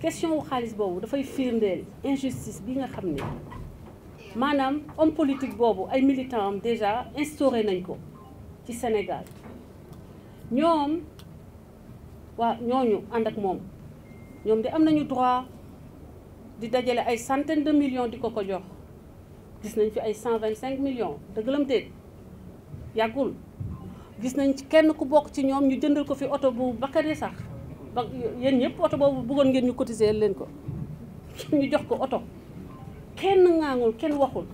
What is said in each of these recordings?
question wu xaalis boobu dafay firndeel injustice bi nga xam ni maanaam homme politique boobu ay militants am déjà instauré nañ ko ci Sénégal ñoom waaw ñooñu ànd ak moom ñoom de am nañu droit di dajale ay centaines de millions di ko ko jox gis nañ fi ay cent vingt cinq millions dëgg lam yàggul gis nañ ci kenn ku bokk ci ñoom ñu jëndal ko fi oto bu bakkane sax ba yéen ñëpp oto boobu buggoon ngeen ñu cotiser leen ko ñu jox ko oto kenn ŋaangul kenn waxul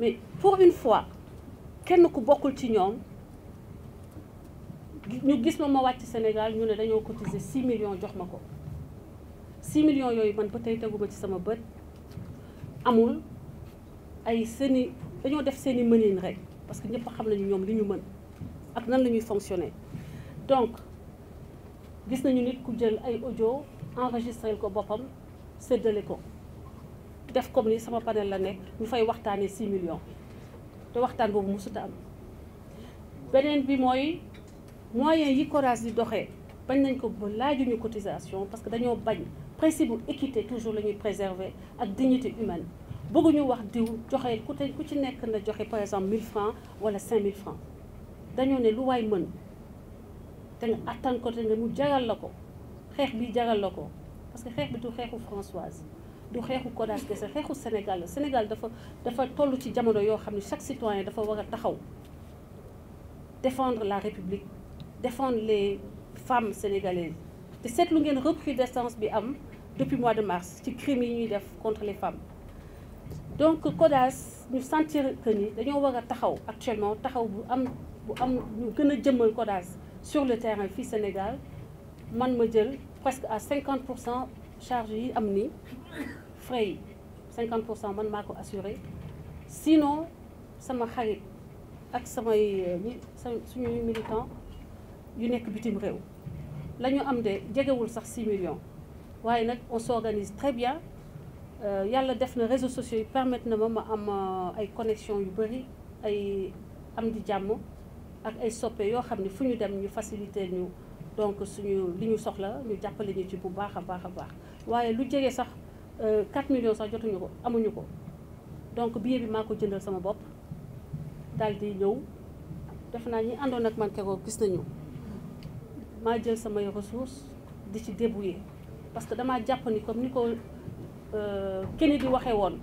mais pour une fois kenn ku bokkul ci ñoom ñu gis ma ma wàcc Sénégal ñu ne dañoo cotiser 6 millions jox ma ko 6 millions yooyu man ba tey teguma ci sama bët amul ay seeni dañoo def seeni mënin rek parce que ñëpp xam nañu ñoom li ñu mën ak nan lañuy ñuy fonctionner donc gis nañu nit ku jël ay audio enregistré ko boppam séddale ko def comme ni sama panel la nekk ñu fay waxtaanee 6 millions te waxtaan boobu musuta am beneen bi mooy moyen yi courage di doxee bañ nañ ko ba laajuñu cotisation parce que dañoo bañ principe bu équité toujours la ñuy préserver ak dignité humaine bëgguñu wax diw joxe ku te ku ci nekk na joxe par exemple 1000 francs wala 5000 francs dañoo ne lu waay mën te nga attan ko te nga mu jagal la ko xeex bi jaral la ko parce que xeex bi du xeexu Françoise du xeexu Kodas kese xeexu Sénégal la Sénégal dafa dafa toll ci jamono yoo xam ne chaque citoyen dafa war a taxaw défendre la République défendre les femmes sénégalaises te seetlu ngeen recrudescence bi am depuis mois de mars ci crimes yi ñuy def contre les femmes donc Kodas ñu sentir que ni dañoo war a taxaw actuellement taxaw bu am bu am ñu gën a jëmmal Kodas sur le terrain fii Sénégal man ma jël presque à 50 pour cent charge yi am ni frais yi pour cent man maa ko assuré sinon sama xarit ak samay euh, suñuy militant yu nekk bitim réew la ñu am de jegewul sax 6 millions waaye nag on s'organise très bien euh, yàlla def na réseaux sociaux yi permettre na ma ma am euh, ay connexion yu bëri ay am di jàmm ak ay soppe yoo xam ne fu ñu dem ñu faciliter ñu donc suñu li ñu soxla ñu jàppale ñu ci bu baax a baax a baax waaye lu jege sax 4 euh, millions sax jotuñu ko amuñu ko donc biir bi maa ko jëndal sama bopp daal di ñëw def naa ñi àndoon ak man keroog gis nañu maa jël samay ressources di ci débrouiller parce que damaa jàpp ni comme ni ko euh, kenn di waxee woon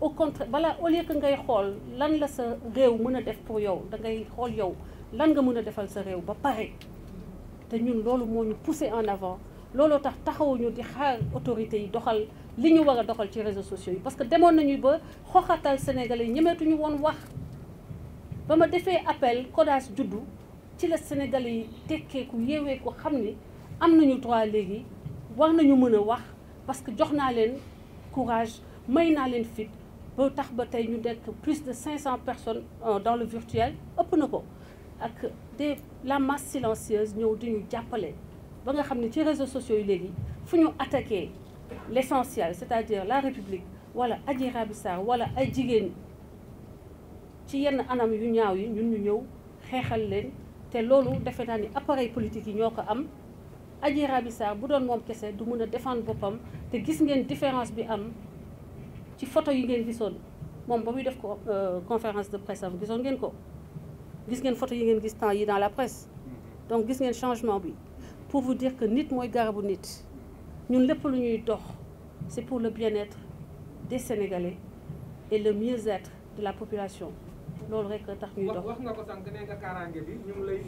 au contraire balaa au lieu que ngay xool lan la sa réew mën a def pour yow da ngay xool yow lan nga mën a defal sa réew ba pare te ñun loolu moo ñu poussé en avant looloo tax taxawuñu di xaar autorité yi doxal li ñu war a doxal ci réseaux sociaux yi parce que demoon nañu ba xoxatal sénégalais yi ñemeetuñu woon wax ba ma defee appel codage juddu ci la sénégalais yi tekkeeku yeewee ko xam ni am nañu droit léegi war nañu mën a wax parce que jox naa leen courage may naa leen fit ba tax ba tey ñu nekk plus de 500 personnes euh, dans le virtuel ëpp na ko ak des la masse silencieuse ñëw di ñu jàppale ba nga xam ne ci réseau sociaux yi léegi fu ñu attaqué l' essentiel est à dire la république wala aji Raby Sarr wala ay jigéen ci yenn anam yu ñaaw yi ñun ñu ñëw xeexal leen te loolu defe naa ni appareil politique yi ñoo ko am aji Raby bu doon moom kese du mun a défendre boppam te gis ngeen différence bi am ci photo yi ngeen gisoon moom ba muy def ko euh, conférence de presse am gisoon ngeen ko gis ngeen photo yi ngeen gis temps yi dans la presse mm-hmm. donc gis ngeen changement bi pour vous dire que nit mooy garabu nit ñun lépp lu ñuy dox c'est pour le bien-être des Sénégalais et le mieux-être de la population loolu rek tax ñuy dox wax nga ko sànq nee nga kaaraange bi ñu ngi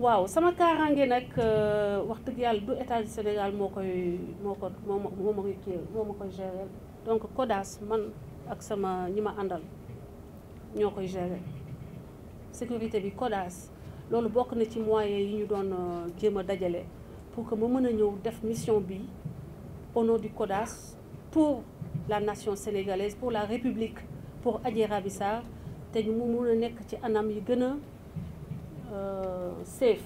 waaw sama kaaraange nag euh, wax dëgg yàlla du état du Sénégal moo koy moo ko moo ma moo ma koy kii moo ma koy gérer donc CODAS man ak sama ñi ma àndal ñoo koy gérer sécurité bi CODAS loolu bokk na ci moyens yi ñu doon euh, jéem a dajale pour que ma mën a ñëw def mission bi au nom du CODAS pour la nation sénégalaise pour la république pour Adji Raby te ñu mu mun a nekk ci anam yi gën a Euh, safe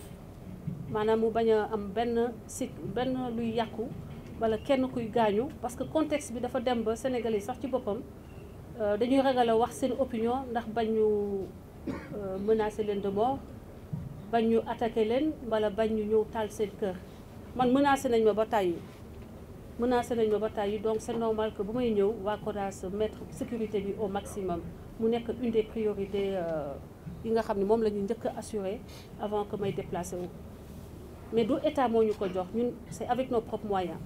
maanaam mu bañ a am benn si benn luy yàqu wala kenn kuy gaañu parce que contexte bi dafa dem ba Sénégalais sax ci boppam euh, dañuy ragal a wax seen opinion ndax bañ ñu euh, menacer leen de mort bañ ñu attaquer leen wala bañ ñu ñëw taal seen kër man menacé nañ ma ba tàyyi menacé nañ ma ba tàyyi donc seen normal que bu may ñëw waa CODAS mettre sécurité bi au maximum mu nekk une des priorités. li nga xam ne moom la ñu njëkk a avant que may déplacé wu mais du état moo ñu ko jox ñun c'est avec nos propres moyens